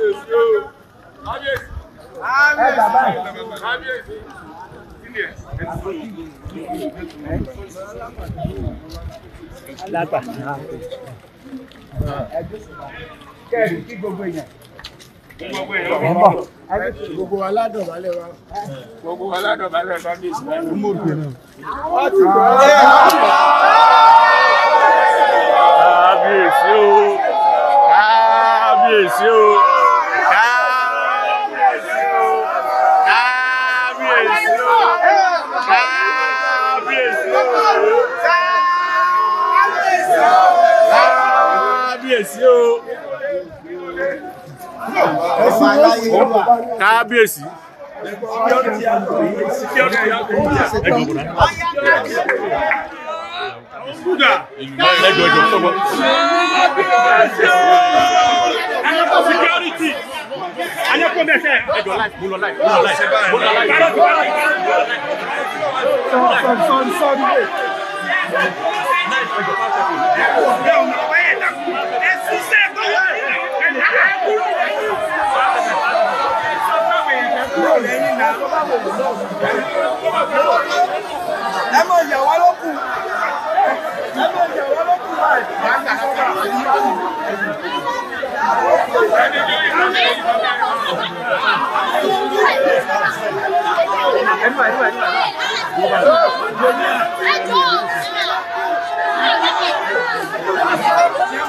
kábíyèsí o kábíyèsí kábíyèsí kábíyèsí sílẹ̀ lágbà kẹ́ẹ̀rì gbogbo èèyàn gbogbo aládọ̀bálẹ̀ wa gbogbo aládọ̀bálẹ̀ wa bí ìsìnkú mọ̀ ti gbọ́ ẹ́ kábíyèsí o kábíyèsí o. kábíyèsí o kábíyèsí. Lẹ́jọ́ ẹjọ́ sọ́gbọ́n. Ẹ̀yọ́kọ̀ security. Ẹ̀yọ́kọ̀ mẹ́sẹ̀. Ẹjọ́ láì mú lọ láì mú lọ láì mú lọ láì. Sọ̀rọ̀ sọ̀rọ̀ sọ̀rọ̀ sọ̀rọ̀. ẹ mọ ìyàwó lókù ẹ mọ ìyàwó lókù Thank you.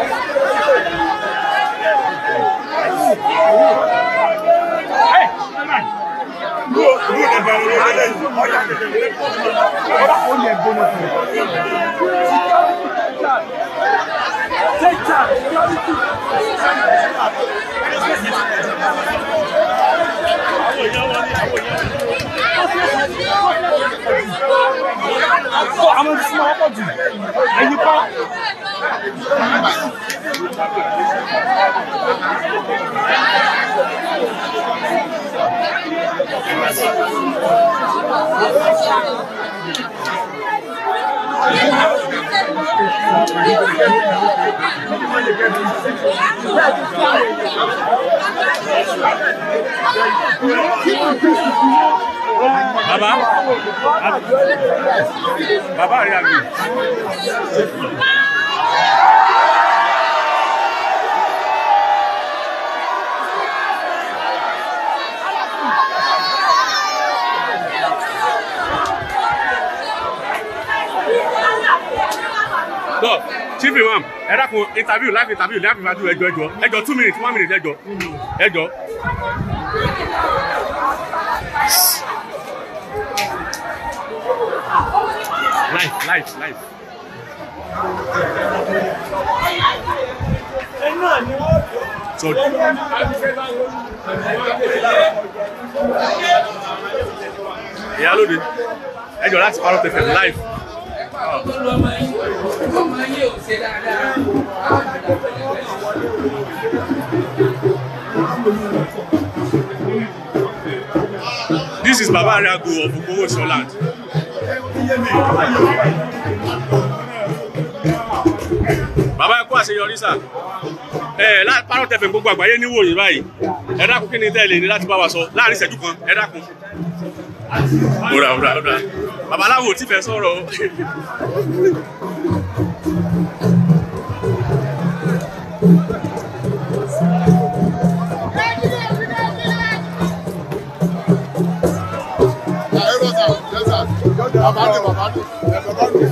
àwọn ìṣúná ọkọ̀ jù ẹ̀yìn pa. Baba, baba rẹ̀ àgbẹ̀. chief imam ẹ dákun interview live interview live interview ẹjọ ẹjọ ẹjọ two minutes one minute ẹjọ ẹjọ. life, life. live. So, ìyá lóde ẹjọ láti parọ́ tẹ̀fẹ̀ live. This is Baba Ariago of Okowo Sholand. Bàbá ẹ kú àṣeyọrí sà. Ẹ láti parọ́ tẹ̀fẹ̀ gbogbo àgbáyé ní wòye báyìí. Ẹ dákun kí ni tẹ́lẹ̀ ní láti bá wa sọ láàrin ìṣẹ́jú kan ẹ dákun. Ó ra ó ra ó ra babaláwo ò tí fẹ́ sọ̀rọ̀ o. Baba ni baba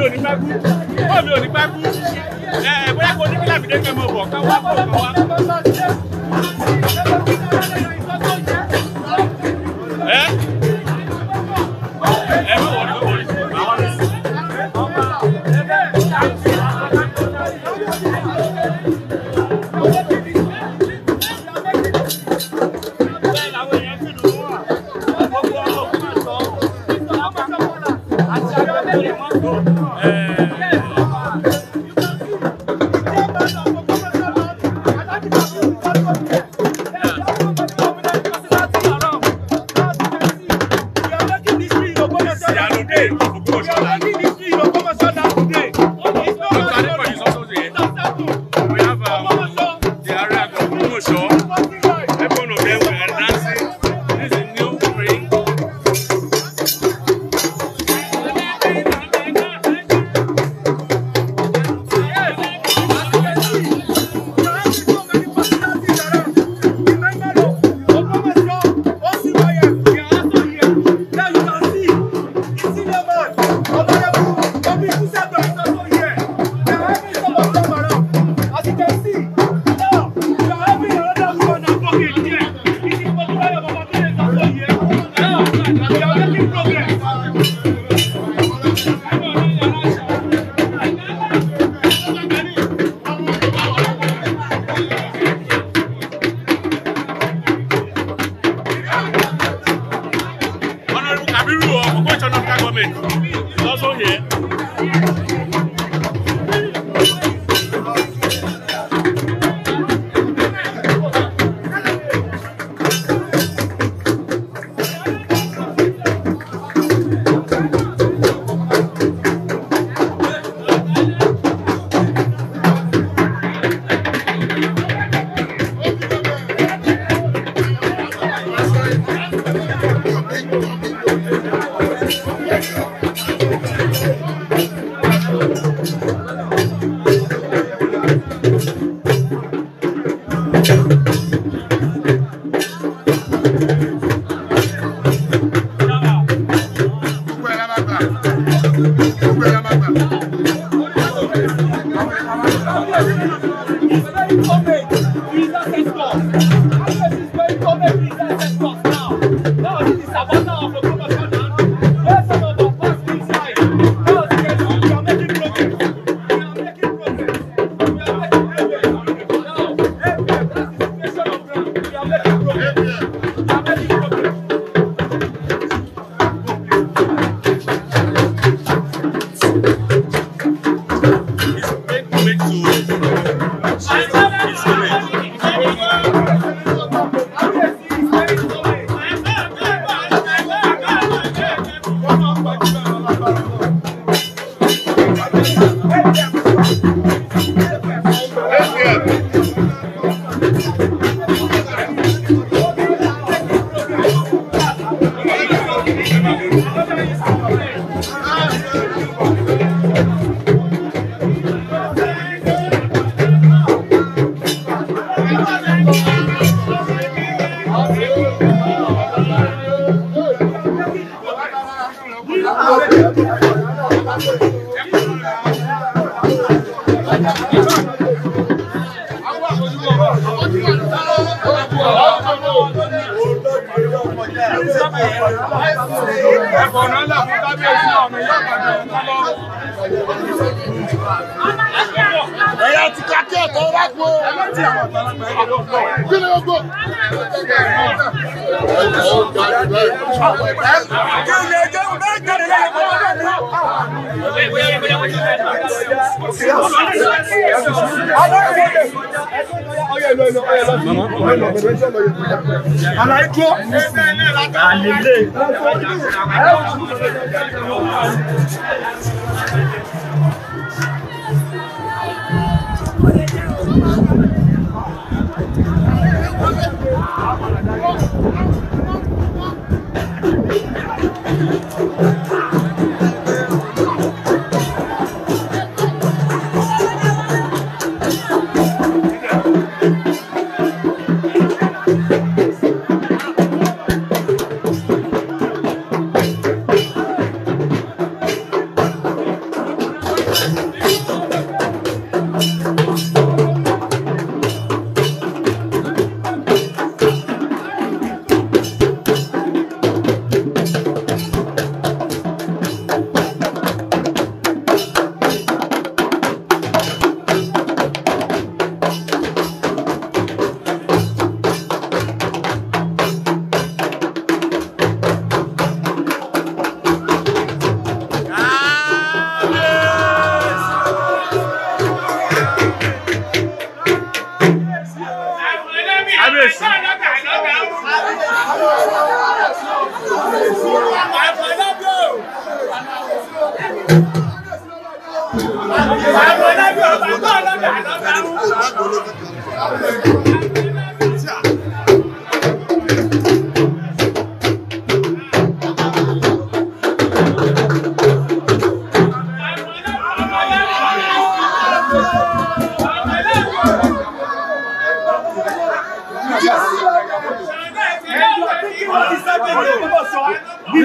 mi ò ní pẹ́ kú bọ́ọ̀ mi ò ní pẹ́ kú ẹ̀ bóyá kò ní kí làbídé kẹ́ mọ̀ bọ̀ ká wá bọ̀ ká wá. Àlàyé dúró. Àlèlè. Thank you.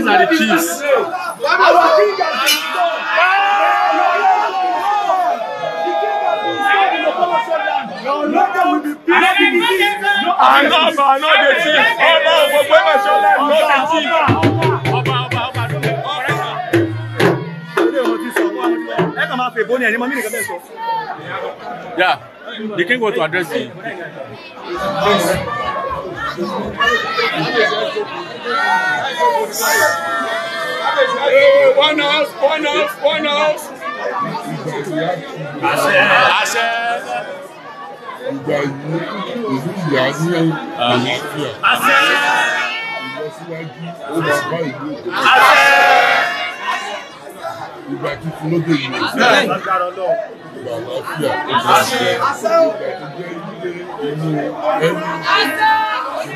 These are the chiefs. Our king has been gone. Àná ọba àná de tí ọba gbogbo Yeah, the king want to address the. One house, one house, one house. Àṣẹ. Àṣẹ. Ìgbà yìí ìlú ìyá ní àlàáfíà. Àṣẹ. Ìlọsíwájú ó máa bá ìlú òkú. Àṣẹ. Ìgbà tuntun lóde yìí. Àṣẹ. Ìgbà àlàáfíà. Àṣẹ. Ìgbà tó jẹ́ ilé inú ẹni. Àṣẹ ìdájọ́ ọmọ òkú wọn fẹ́ ìlú wọn á dùn kọ́ àṣẹ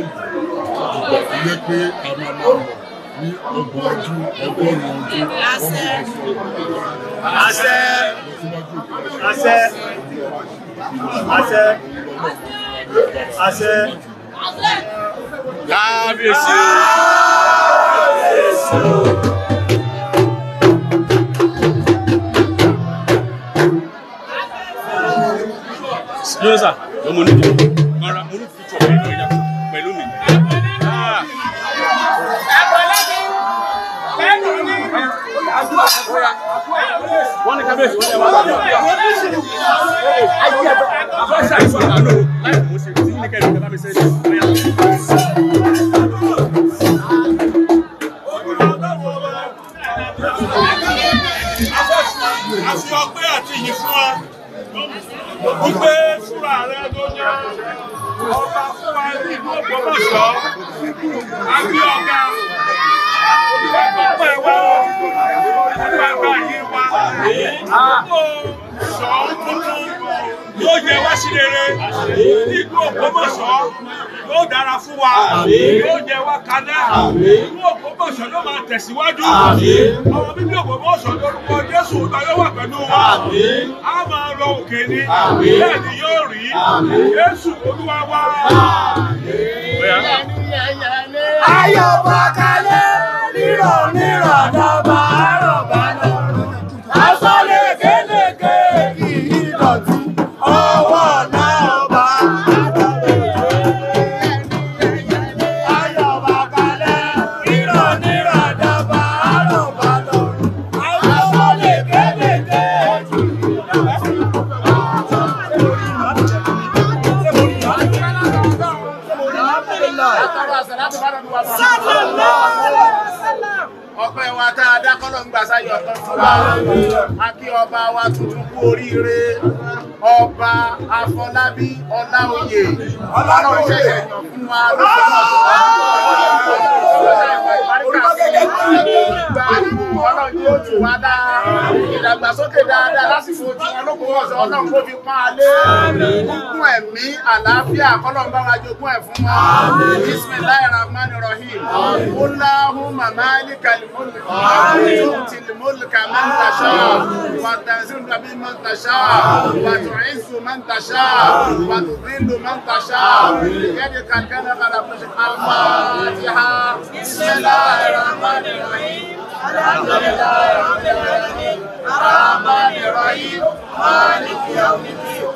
ìgbà tó yẹ pé a máa máa lọ ní ọgbọ̀n ọdún ọgọ́rùn-ún ọdún ọmọ ìgbà àṣẹ àṣẹ àṣẹ àṣẹ kábíyèsí o kábíyèsí o. ló sà ló mo níbi ọ̀rọ̀ mo ní fífọ̀ pẹ̀lú ẹ̀yà pẹ̀lú mi. Ah. wọ́n ní kábíyèsí wọ́n ní ẹ̀wọ̀n àgbà. ayé àbọ̀ àbọ̀ ṣàìsàn àlọ́ láì mọ̀ ṣe tí ní kẹ́lẹ́ kẹ́lá mi sẹ́yìn. ìlú òjẹ wa kaná ìlú Ògbómọ̀ṣọ́ ló máa tẹ̀síwájú ọmọ bíbí Ògbómọ̀ṣọ́ lórúkọ Jésù ìgbà yóò wà pẹ̀lú wa a máa lọ òkè ni bẹ́ẹ̀ ni yóò rí Jésù Olúwa wa. ayọ̀ bọ̀ kalẹ̀ rírọ̀ rírọ̀ dábàá. ọlọ́dúnrún ìdàgbàsókè dáadáa lásìkò tí wọn ọ̀sán ọlọ́run kò fi pa á lé àlàáfíà kọ́lọ́n bá wa jogún ẹ̀ fún wọn. bisimilayi rahman rahim. Allahumma malikal mulk. tuuti mulka man tasha. wa tanzil rabi man tasha. wa tu'izu man tasha. wa tudillu man tasha. yẹ́nì kankan náà kàdà fún ṣe kálmá ti ha. bisimilayi rahman rahim. alhamdulilayi rabbil alamin. rahman rahim. maliki yawmi din.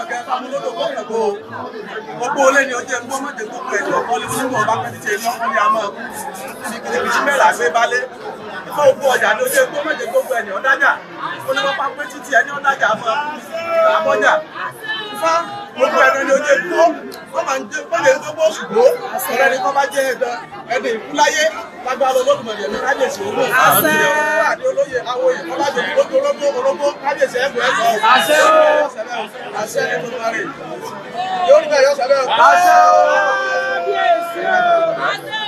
amúlòdò kọ́ kò gbòó gbogbo olé ni ọjọ́ ẹ̀kọ́ mọ̀jẹ̀ gbogbo ẹ̀jọ́ kan lé nínú ọba pẹ́ẹ́tì ṣe iná wọn ni a máa kú ní kìtìkìtì mẹ́rin àgbé balé nípa òkú ọjà ní ọjọ́ ẹ̀kọ́ mọ̀jẹ̀ gbogbo ẹ̀ni ọ̀dájà ó ní wọ́n pa pé títí ẹni ọ̀dájà máa kú àbọ̀jà Ifá gbogbo ẹ̀rọ ni ó jẹ́ dúró wọ́n máa ń jẹ́ wọ́n lè dógbó ṣùgbọ́n ẹ̀rọ ni wọ́n bá jẹ́ ẹ̀dán ẹ̀dè ìkúláyé lágbára olódùmọ̀lẹ̀ ní kábíyèsí owó àti olóyè awoyè ọlájẹ ológun ológun ológun kábíyèsí ẹ̀gbọ́n ẹ̀gbọ́n àṣẹ àṣẹ ní gbogbo rẹ̀ yóò rí bẹ́ẹ̀ yọ sẹ́lẹ̀ àṣẹ kábíyèsí àṣẹ.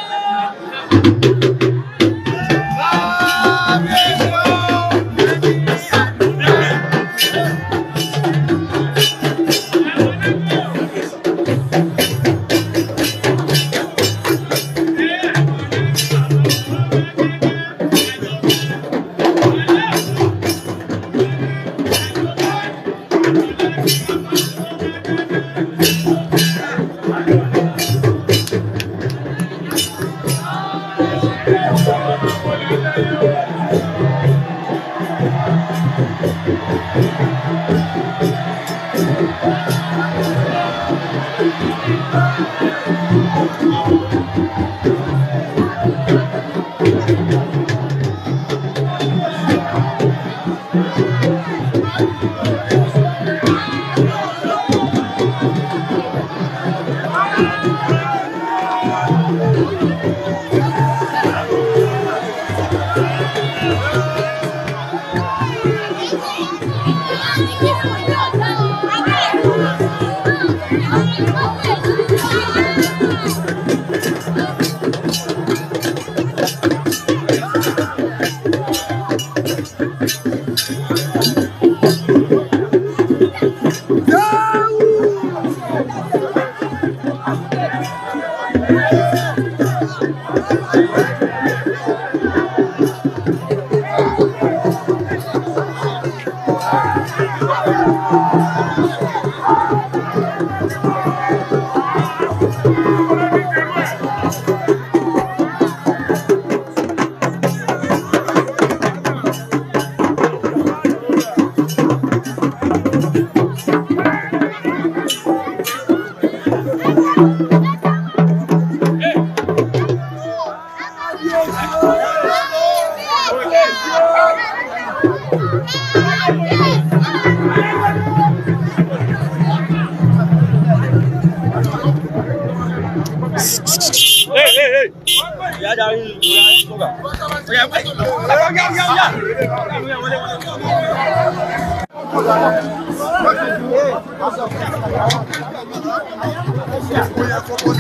Calm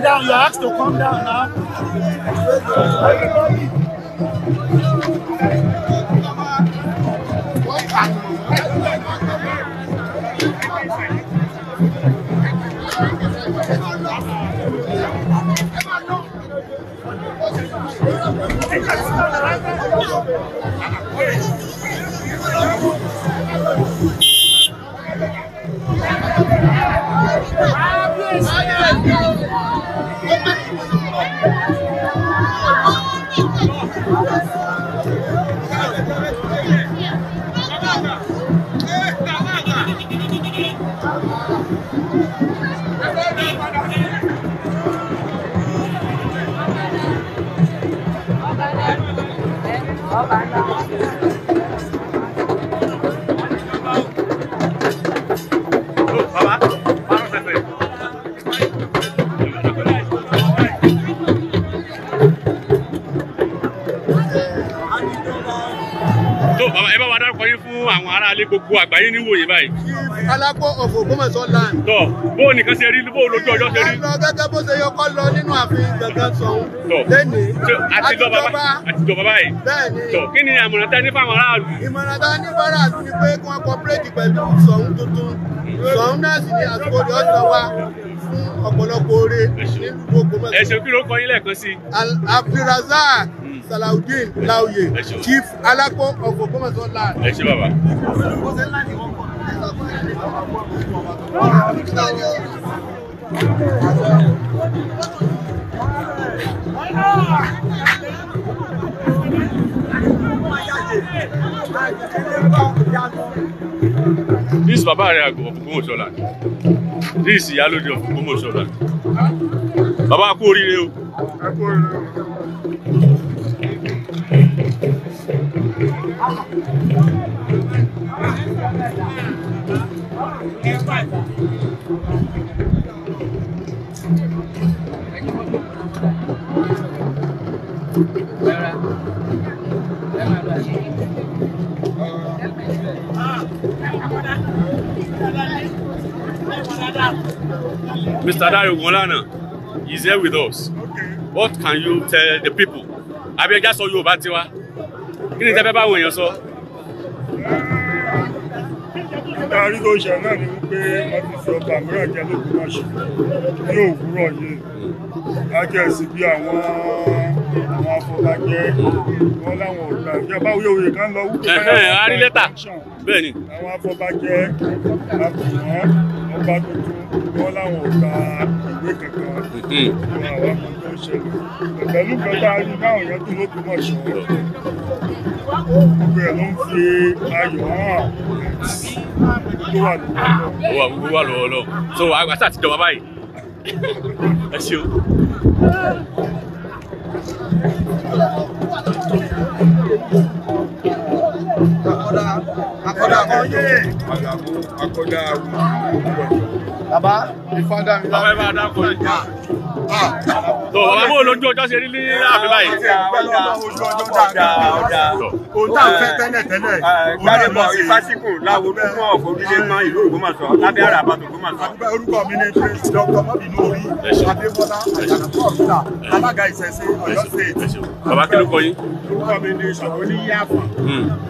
down, You asked to calm down now. gbogbo àgbáyé ní wòye báyìí. alákó ọ̀fọ̀ Ògbómọ̀ṣọ́ land. tọ bó o nìkan ṣe rí bó lójú ọjọ́ ṣe rí. lọ gẹ́gẹ́ bó ṣe yọkọ lọ nínú ààfin gbẹ̀ngàn sọ̀hún. tọ lẹ́nìí àtijọba àtijọba báyìí. bẹ́ẹ̀ni tọ kí ni àmọ̀ràn tẹ́ ní fáwọn aráàlú. ìmọ̀ràn tẹ́ ní fáráàlú ni pé kí wọ́n kọ́pẹ́rẹ́tì pẹ̀lú sọ̀hún tuntun sọ̀hún náà sì ni àsìkò ìdíọ̀sán wa fún ọ̀pọ̀lọpọ̀ oore nílùú Ògbómọ̀ṣọ́. ẹ̀sìn kí ló kọ yín lẹ́ẹ̀kan sí i. Abdulrasaq Salaudeen Láòyè Chief Alákó of Ògbómọ̀ṣọ́ land. ẹ ṣe bàbá. This Baba Ariago of Ògbómọ̀ṣọ́ land. This Ìyálóde of Ògbómọ̀ṣọ́ land. Bàbá kú oríire o. Ẹ kú oríire o. Mr. Dare Wonlana is here with us. What can you tell the people? I Abeg, just you about it kí ni tẹ́fẹ́ báwo èèyàn sọ. nígbà tó ṣe náà ni wípé wọ́n ọba àmúrà jẹ́ lóògùn náà ṣe ní òwúrọ̀ yìí lájẹ̀sí bí àwọn àwọn afọlájẹ wọn láwọn ọ̀gá ìjọba wíwèé kan lọ wípé. a rí lẹ́tà bẹ́ẹ̀ni. àwọn afọbajẹ àbùmọ́ ọba tuntun ni wọ́n ò gba ìwé kankan wọn hmm. àwọn ọmọ tó ń ṣẹlẹ̀ pẹ̀lú pẹ̀lú àárín báwọn yẹn tó lóògùn mọ̀ ṣọ́ gbogbo ẹ̀ ló ń fi ayọ̀ hàn tó wà lọ́wọ́ lọ. gbogbo wà lọ́wọ́ lọ so àgbà sáà ti jọba báyìí ẹ ṣeun. akọyé àgàbó akọdá awo. baba ìfádàmí. bàbá ìfádàmí kò tó ah, bàbá bó lójú ọjọ́ ṣe rí ní àfin báyìí. ọjà ọjà ọjà ohun tá a fẹ́ tẹ́lẹ̀ tẹ́lẹ̀. Ah, gbàdébọ̀ ìfásíkù láwo fún ọ̀fọ̀dúnlé mọ́ ìlú Ògbómọ̀ṣọ́ lábẹ́ ara àbàtò Ògbómọ̀ṣọ́. orúkọ mi ni dr mọ́bìnú orí adébọ́lá àjànàkú ọ̀gbìnà alága ìṣẹ̀ṣe ọ̀yọ́ state. bàbá kí ló kọ yín. orúkọ mi ni sọ̀rọ̀ oníyàfọ̀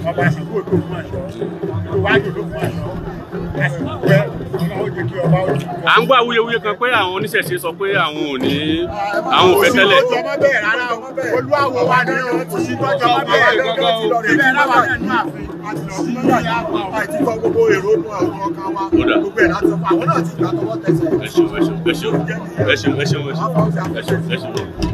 ọba àṣìkò ògbómọ̀ṣọ́ à ń gbọ́ awuyewuye kan pé àwọn oníṣẹ̀ṣe sọ pé àwọn ò ní àwọn ò tẹ́lẹ̀. olùwàwọ̀ wa ni o ti ṣí tọ́jọ́ bá bẹ́ẹ̀ lọ́jọ́ ti lọ rẹ̀ bẹ́ẹ̀ láwọn náà ní àfin àti lọ sí lọ́yà àti kọ́ gbogbo èrò inú àwọn ọkàn wa gbogbo ẹ̀ láti sọ àwọn náà ti gbà tọwọ́ tẹsẹ̀. ẹ ṣeun ẹ ṣeun ẹ ṣeun ẹ ṣeun ẹ ṣeun ẹ ṣeun ẹ ṣeun.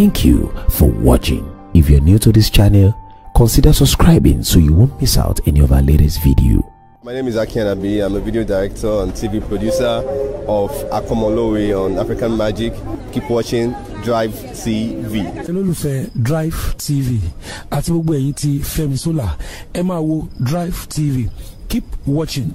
Thank you for watching. If you're new to this channel, consider subscribing so you won't miss out any of our latest video. My name is Akian Abi. I'm a video director and TV producer of Akomolowe on African Magic. Keep watching Drive TV. olólùfẹ́ Drive TV àti gbogbo ẹ̀yin tí Fẹ́mi Sola Emma wo Drive TV. Keep watching.